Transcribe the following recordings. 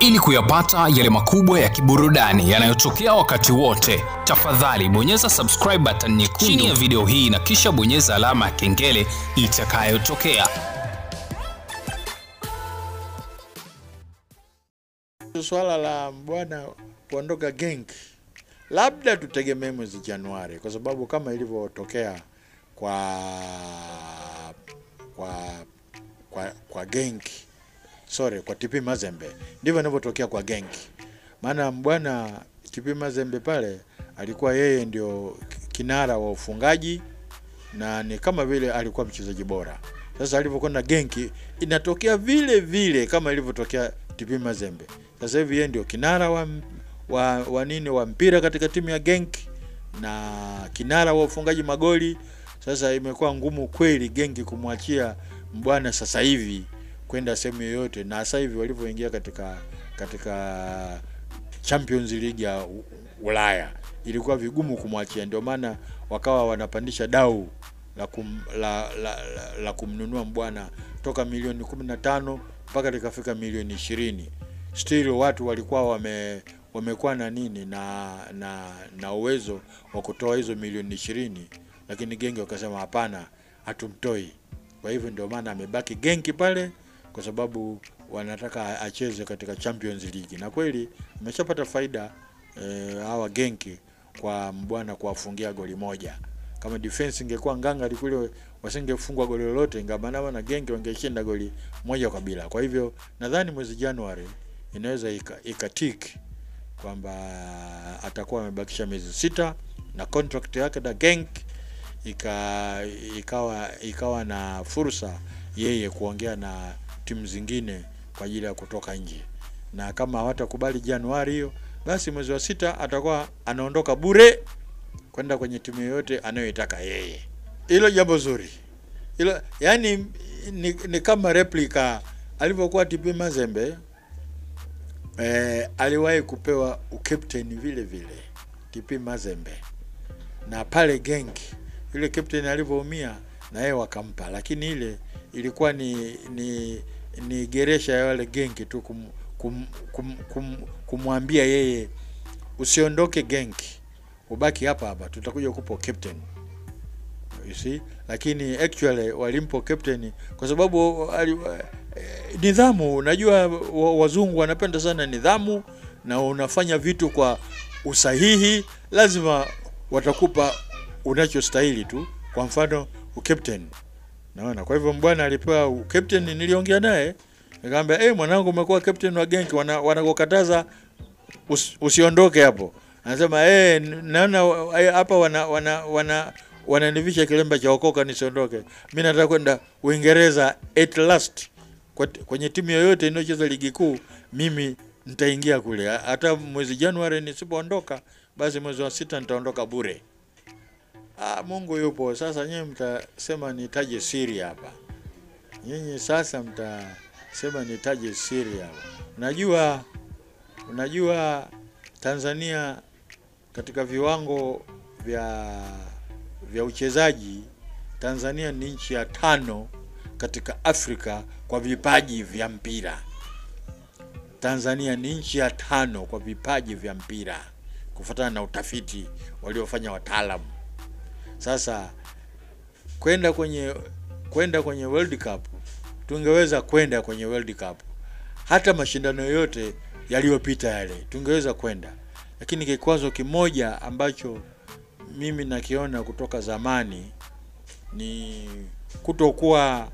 Ili kuyapata yale makubwa ya kiburudani yanayotokea wakati wote, tafadhali bonyeza subscribe button nyekundu chini ya video hii na kisha bonyeza alama ya kengele itakayotokea. Swala la bwana kuondoka gang labda tutegemee mwezi Januari, kwa sababu kama ilivyotokea kwa kwa kwa, kwa genki sorry, kwa TP Mazembe. Ndivyo inavyotokea kwa Genki, maana bwana TP Mazembe pale alikuwa yeye ndio kinara wa ufungaji na ni kama vile alikuwa mchezaji bora. Sasa alivyokwenda Genki inatokea vile vile kama ilivyotokea TP Mazembe. Sasa hivi yeye ndio kinara wa, wa, wa nini wa mpira katika timu ya Genki na kinara wa ufungaji magoli. Sasa imekuwa ngumu kweli Genki kumwachia mbwana sasa hivi kwenda sehemu yoyote, na sasa hivi walivyoingia katika katika Champions League ya Ulaya ilikuwa vigumu kumwachia, ndio maana wakawa wanapandisha dau la, kum, la, la, la, la kumnunua mbwana toka milioni 15 mpaka likafika milioni ishirini. Still watu walikuwa wame wamekuwa na nini na na, na uwezo wa kutoa hizo milioni ishirini, lakini genge wakasema hapana, hatumtoi. Kwa hivyo ndio maana amebaki genki pale kwa sababu wanataka acheze katika Champions League, na kweli ameshapata faida e, Genki kwa Mbwana kuwafungia goli moja. Kama defense ingekuwa nganga likule wasingefungwa goli lolote, Ngabanaba na Genki wangeshinda goli moja kwa bila. Kwa hivyo nadhani mwezi Januari inaweza ikatik ika kwamba atakuwa amebakisha miezi sita na contract yake na Genk ika, ikawa, ikawa na fursa yeye kuongea na timu zingine kwa ajili ya kutoka nje, na kama hawatakubali Januari hiyo, basi mwezi wa sita atakuwa anaondoka bure kwenda kwenye timu yoyote anayoitaka yeye. Hilo jambo zuri hilo, yani ni, ni kama replica alivyokuwa TP Mazembe eh, aliwahi kupewa ukapteni vile vile TP Mazembe na pale Genki, yule kapteni alivyoumia na yeye wakampa, lakini ile ilikuwa ni, ni ni geresha ya wale genki tu kumwambia kum, kum, kum, kumwambia yeye usiondoke genki, ubaki hapa hapa, tutakuja kupo captain you see. Lakini actually walimpo captain kwa sababu ali, eh, nidhamu. Unajua wazungu wanapenda sana nidhamu, na unafanya vitu kwa usahihi, lazima watakupa unachostahili tu. Kwa mfano ukapteni naona. Kwa hivyo mbwana alipewa captain, niliongea naye nikamwambia, eh, mwanangu umekuwa captain wa genki, wanakukataza wana us, usiondoke hapo. Anasema eh, naona hapa wana wana wana wananivisha kilemba cha okoka nisiondoke. Mimi nataka kwenda Uingereza at last kwenye timu yoyote inayocheza ligi kuu, mimi nitaingia kule. Hata mwezi Januari nisipoondoka, basi mwezi wa sita nitaondoka bure. Ah, Mungu yupo. Sasa nyinyi mtasema nitaje siri hapa. Nyinyi sasa mtasema nitaje siri hapa. Unajua unajua Tanzania katika viwango vya vya uchezaji Tanzania ni nchi ya tano katika Afrika kwa vipaji vya mpira. Tanzania ni nchi ya tano kwa vipaji vya mpira kufuatana na utafiti waliofanya wataalamu. Sasa kwenda kwenye kwenda kwenye World Cup, tungeweza kwenda kwenye World Cup, hata mashindano yote yaliyopita yale tungeweza kwenda, lakini kikwazo kimoja ambacho mimi nakiona kutoka zamani ni kutokuwa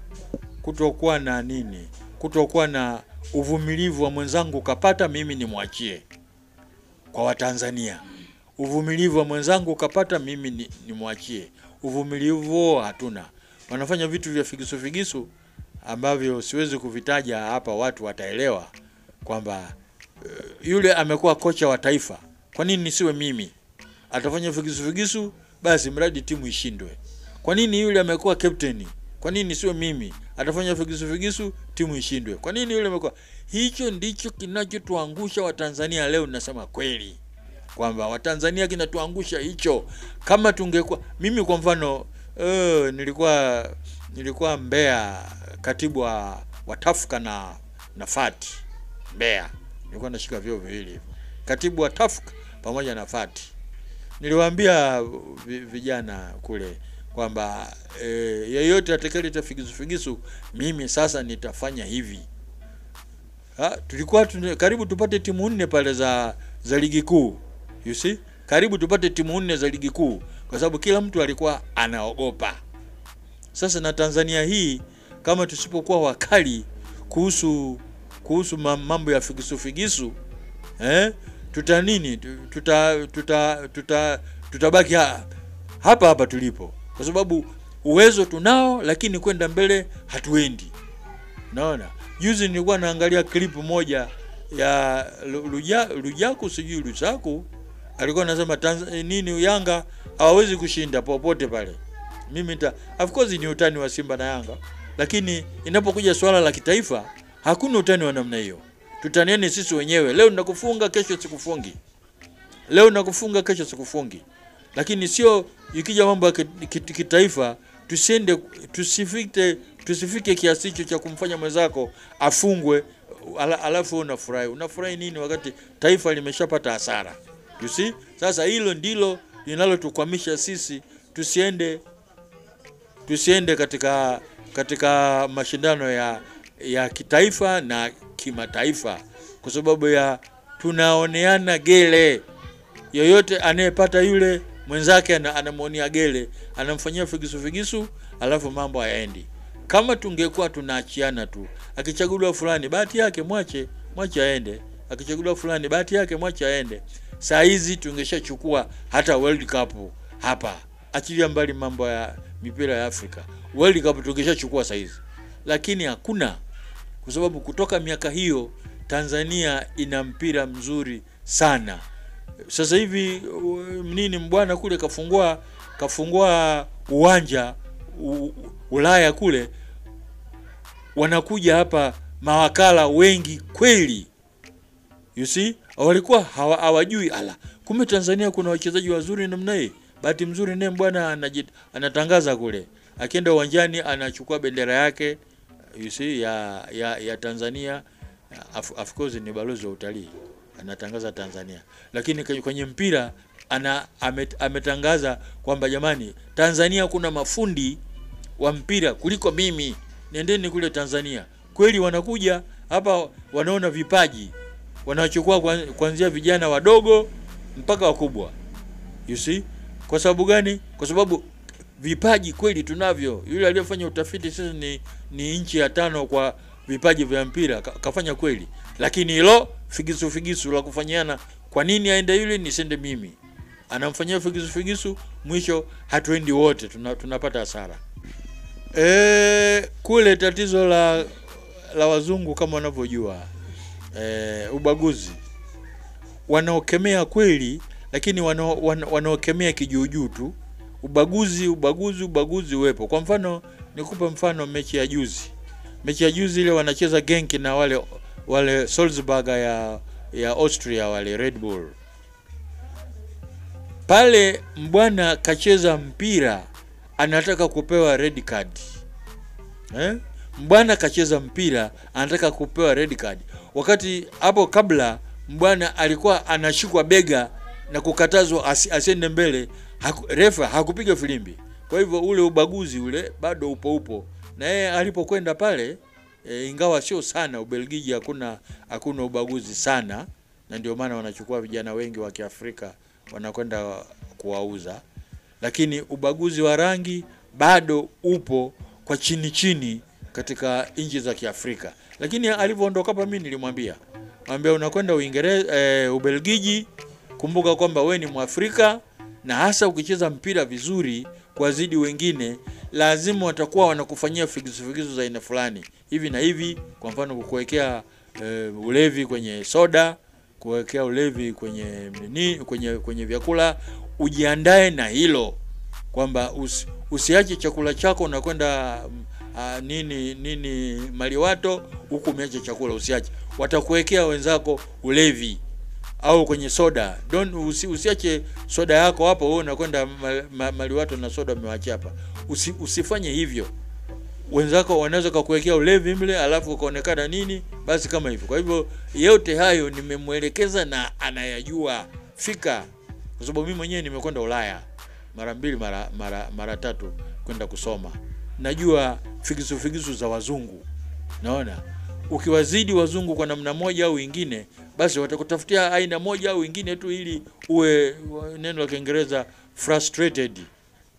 kutokuwa na nini, kutokuwa na uvumilivu wa mwenzangu kapata, mimi nimwachie kwa Watanzania. Uvumilivu wa mwenzangu ukapata mimi nimwachie ni uvumilivu hatuna. Wanafanya vitu vya figisu figisu ambavyo siwezi kuvitaja hapa, watu wataelewa kwamba uh, yule amekuwa kocha wa taifa, kwa nini nisiwe mimi? Atafanya figisu figisu, basi mradi timu ishindwe. Kwa nini yule amekuwa captain, kwa nini nisiwe mimi? Atafanya figisu figisu, timu ishindwe. Kwa nini yule amekuwa? Hicho ndicho kinachotuangusha Watanzania leo, nasema kweli kwamba Watanzania kinatuangusha hicho. Kama tungekuwa mimi kwa mfano uh, nilikuwa nilikuwa Mbeya, katibu wa watafuka na na fati Mbeya, nilikuwa nashika vyo viwili, katibu wa tafuka pamoja na fati. Niliwaambia vijana kule kwamba e, yeyote atakaeleta figisu figisu, mimi sasa nitafanya hivi. Ha, ah, tulikuwa tune, karibu tupate timu nne pale za za ligi kuu you see, karibu tupate timu nne za ligi kuu, kwa sababu kila mtu alikuwa anaogopa. Sasa na Tanzania hii kama tusipokuwa wakali kuhusu kuhusu mambo ya figisu figisu eh, tuta nini tuta tuta tuta tutabaki hapa hapa tulipo, kwa sababu uwezo tunao, lakini kwenda mbele hatuendi. Naona juzi nilikuwa naangalia klipu moja ya Lujaku sijui Lusaku alikuwa anasema eh, nini, Yanga hawawezi kushinda popote pale. Mimi ta, of course ni utani wa Simba na Yanga, lakini inapokuja swala la kitaifa hakuna utani wa namna hiyo. Tutanieni sisi wenyewe, leo nakufunga, kesho sikufungi, leo nakufunga, kesho sikufungi, lakini sio ikija mambo ya kitaifa tusiende tusifike tusifike kiasi hicho cha kumfanya mwenzako afungwe, ala, alafu unafurahi. Unafurahi nini wakati taifa limeshapata hasara? you see? Sasa hilo ndilo linalotukwamisha sisi tusiende tusiende katika katika mashindano ya ya kitaifa na kimataifa kwa sababu ya tunaoneana gele. Yoyote anayepata yule mwenzake anamwonea gele, anamfanyia figisu figisu, alafu mambo hayaendi. Kama tungekuwa tunaachiana tu, akichaguliwa fulani, bahati yake mwache, mwache aende. Akichaguliwa fulani, bahati yake mwache aende saa hizi tungeshachukua hata World Cup hapa, achilia mbali mambo ya mipira ya Afrika, World Cup tungeshachukua saa hizi, lakini hakuna, kwa sababu kutoka miaka hiyo Tanzania ina mpira mzuri sana. Sasa hivi uh, nini, mbwana kule kafungua kafungua uwanja u, Ulaya kule, wanakuja hapa mawakala wengi kweli, you see walikuwa hawajui hawa ala, kumbe Tanzania kuna wachezaji wazuri namna hii. Bahati mzuri naye bwana anatangaza kule, akienda uwanjani anachukua bendera yake you see, ya, ya, ya Tanzania of, of course ni balozi wa utalii anatangaza Tanzania, lakini kwenye mpira ana amet, ametangaza kwamba jamani, Tanzania kuna mafundi wa mpira kuliko mimi, nendeni kule Tanzania. Kweli wanakuja hapa wanaona vipaji wanachukua kuanzia vijana wadogo mpaka wakubwa, you see. Kwa sababu gani? Kwa sababu vipaji kweli tunavyo. Yule aliyefanya utafiti sasa ni, ni nchi ya tano kwa vipaji vya mpira ka, kafanya kweli, lakini hilo figisu figisu la kufanyiana, kwa nini aende yule nisende mimi, anamfanyia figisu figisu, mwisho hatuendi wote, tuna, tunapata hasara. E, kule tatizo la la wazungu kama wanavyojua e, ubaguzi wanaokemea kweli, lakini wanaokemea kijuujuu tu ubaguzi, ubaguzi, ubaguzi uwepo. Kwa mfano nikupe mfano mechi ya juzi, mechi ya juzi ile wanacheza Genk na wale wale Salzburg ya ya Austria wale Red Bull pale, mbwana kacheza mpira anataka kupewa red card eh? Mbwana kacheza mpira anataka kupewa red card wakati hapo kabla bwana alikuwa anashikwa bega na kukatazwa asiende mbele, haku, refa hakupiga filimbi. Kwa hivyo ule ubaguzi ule bado upo upo, na yeye alipokwenda pale e, ingawa sio sana, Ubelgiji hakuna hakuna ubaguzi sana, na ndio maana wanachukua vijana wengi wa Kiafrika wanakwenda kuwauza, lakini ubaguzi wa rangi bado upo kwa chini chini katika nchi za Kiafrika. Lakini alivyoondoka hapa, mimi nilimwambia mwambia, unakwenda Uingereza e, Ubelgiji, kumbuka kwamba we ni Mwafrika na hasa ukicheza mpira vizuri kwa zidi wengine, lazima watakuwa wanakufanyia figisu figisu za aina fulani hivi na hivi, kwa mfano kukuwekea e, ulevi kwenye soda, kuwekea ulevi kwenye nini, kwenye kwenye vyakula. Ujiandae na hilo kwamba usiache chakula chako unakwenda mm, uh, nini nini maliwato huku umeacha chakula usiache. Watakuwekea wenzako ulevi au kwenye soda. don usi, usiache soda yako hapo wewe unakwenda maliwato na soda umewachia hapa. Usi, usifanye hivyo. Wenzako wanaweza kukuwekea ulevi mle alafu ukaonekana nini basi kama hivyo. Kwa hivyo yote hayo nimemwelekeza na anayajua fika kwa sababu mimi mwenyewe nimekwenda Ulaya mara mbili mara mara mara tatu kwenda kusoma najua figisu figisu za wazungu naona ukiwazidi wazungu kwa namna moja au ingine basi watakutafutia aina moja au ingine tu ili uwe neno la kiingereza frustrated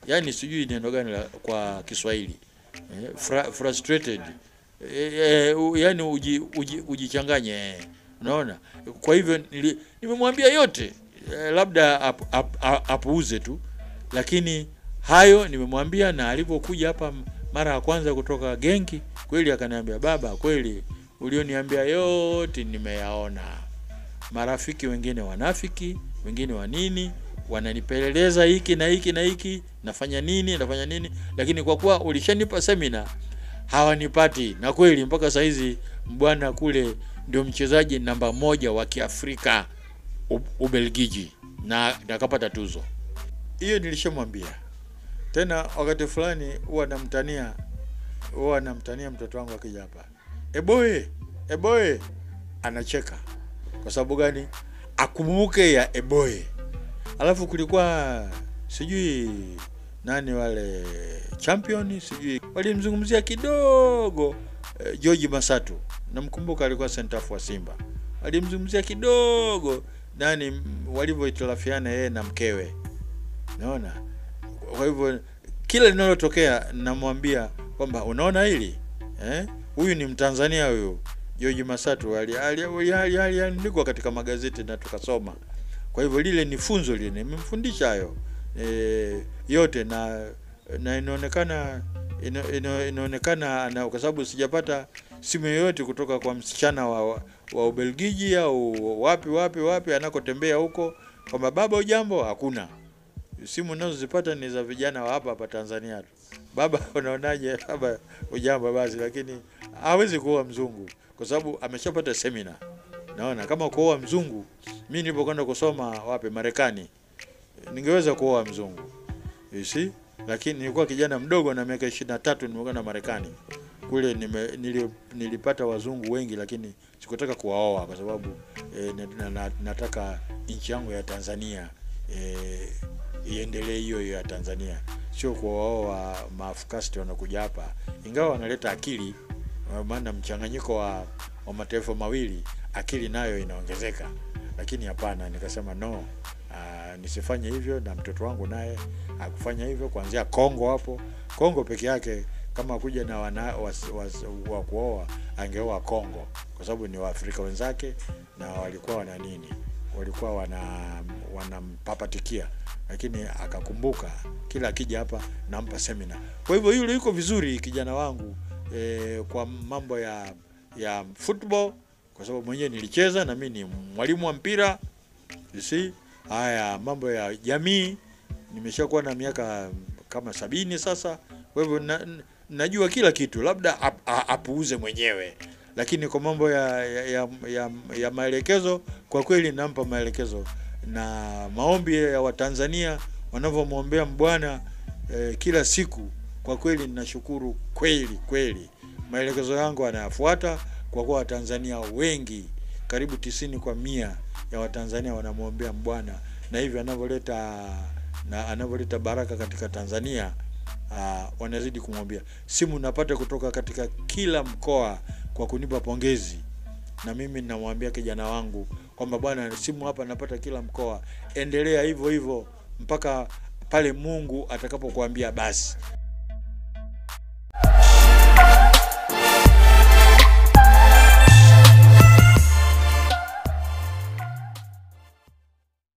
yani sijui neno gani la, kwa kiswahili eh, fra, frustrated eh, eh, yani uji, uji, ujichanganye eh. unaona kwa hivyo nimemwambia yote eh, labda apuuze ap, ap, ap, tu lakini hayo nimemwambia, na alivyokuja hapa mara ya kwanza kutoka genki, kweli akaniambia, baba, kweli ulioniambia yote nimeyaona. Marafiki wengine wanafiki, wengine wa nini, wananipeleleza hiki na hiki na hiki, nafanya nini, nafanya nini, lakini kwa kuwa ulishanipa semina hawanipati. Na kweli mpaka sahizi mbwana kule ndio mchezaji namba moja wa Kiafrika Ubelgiji, na akapata tuzo hiyo, nilishamwambia tena wakati fulani huwa namtania huwa namtania mtoto wangu akija hapa eboe eh, eboe eh, anacheka kwa sababu gani akumbuke ya eboe eh, alafu kulikuwa sijui nani wale champion sijui walimzungumzia kidogo eh, george masatu namkumbuka alikuwa sentafu wa simba walimzungumzia kidogo nani walivyoitirafiana yeye na mkewe naona kwa hivyo kila linalotokea namwambia kwamba unaona hili eh? Huyu ni Mtanzania huyu George Masatu aliandikwa katika magazeti na tukasoma. Kwa hivyo lile ni funzo, lile nimemfundisha hayo e, yote na na inaonekana ino, ino, inaonekana kwa sababu sijapata simu yoyote kutoka kwa msichana wa, wa Ubelgiji au wapi wapi wapi anakotembea huko kwamba baba, ujambo? Hakuna simu nazozipata ni za vijana wa hapa hapa Tanzania tu. Baba, unaonaje? Baba, ujambo basi, lakini hawezi kuoa mzungu kwa sababu ameshapata semina. Naona kama kuoa mzungu, mimi nilipokwenda kusoma wapi Marekani, ningeweza kuoa mzungu you see? Lakini nilikuwa kijana mdogo na miaka ishirini na tatu nimekwenda Marekani kule nime, nili, nilipata wazungu wengi, lakini sikutaka kuwaoa kwa sababu e, nataka nchi yangu ya Tanzania e, iendelee hiyo hiyo ya Tanzania, sio kwa wao wa maafukasti wanakuja hapa, ingawa wanaleta akili, maana mchanganyiko wa, wa mataifa mawili akili nayo inaongezeka, lakini hapana, nikasema no. Ah, nisifanye hivyo na mtoto wangu naye akufanya hivyo kuanzia Kongo. Hapo Kongo peke yake kama kuja na wana, was, was, wa kuoa angeoa Kongo kwa sababu ni Waafrika wenzake na walikuwa wana nini walikuwa wana wanampapatikia, lakini akakumbuka kila akija hapa nampa semina. Kwa hivyo yule yuko vizuri kijana wangu e, kwa mambo ya ya football kwa sababu mwenyewe nilicheza na mimi ni mwalimu wa mpira you see. Haya, mambo ya jamii nimeshakuwa na miaka kama sabini sasa, kwa hivyo na, najua kila kitu, labda apuuze ap, mwenyewe lakini kwa mambo ya, ya, ya, ya, ya maelekezo kwa kweli nampa maelekezo na maombi ya Watanzania wanavyomwombea mbwana eh, kila siku kwa kweli ninashukuru kweli kweli. Maelekezo yangu anayafuata kwa kuwa Watanzania wengi karibu tisini kwa mia ya Watanzania wanamwombea mbwana, na hivyo anavyoleta na anavyoleta baraka katika Tanzania uh, wanazidi kumwombea. Simu napata kutoka katika kila mkoa kwa kunipa pongezi na mimi ninamwambia kijana wangu kwamba bwana simu hapa napata kila mkoa endelea hivyo hivyo mpaka pale mungu atakapokuambia basi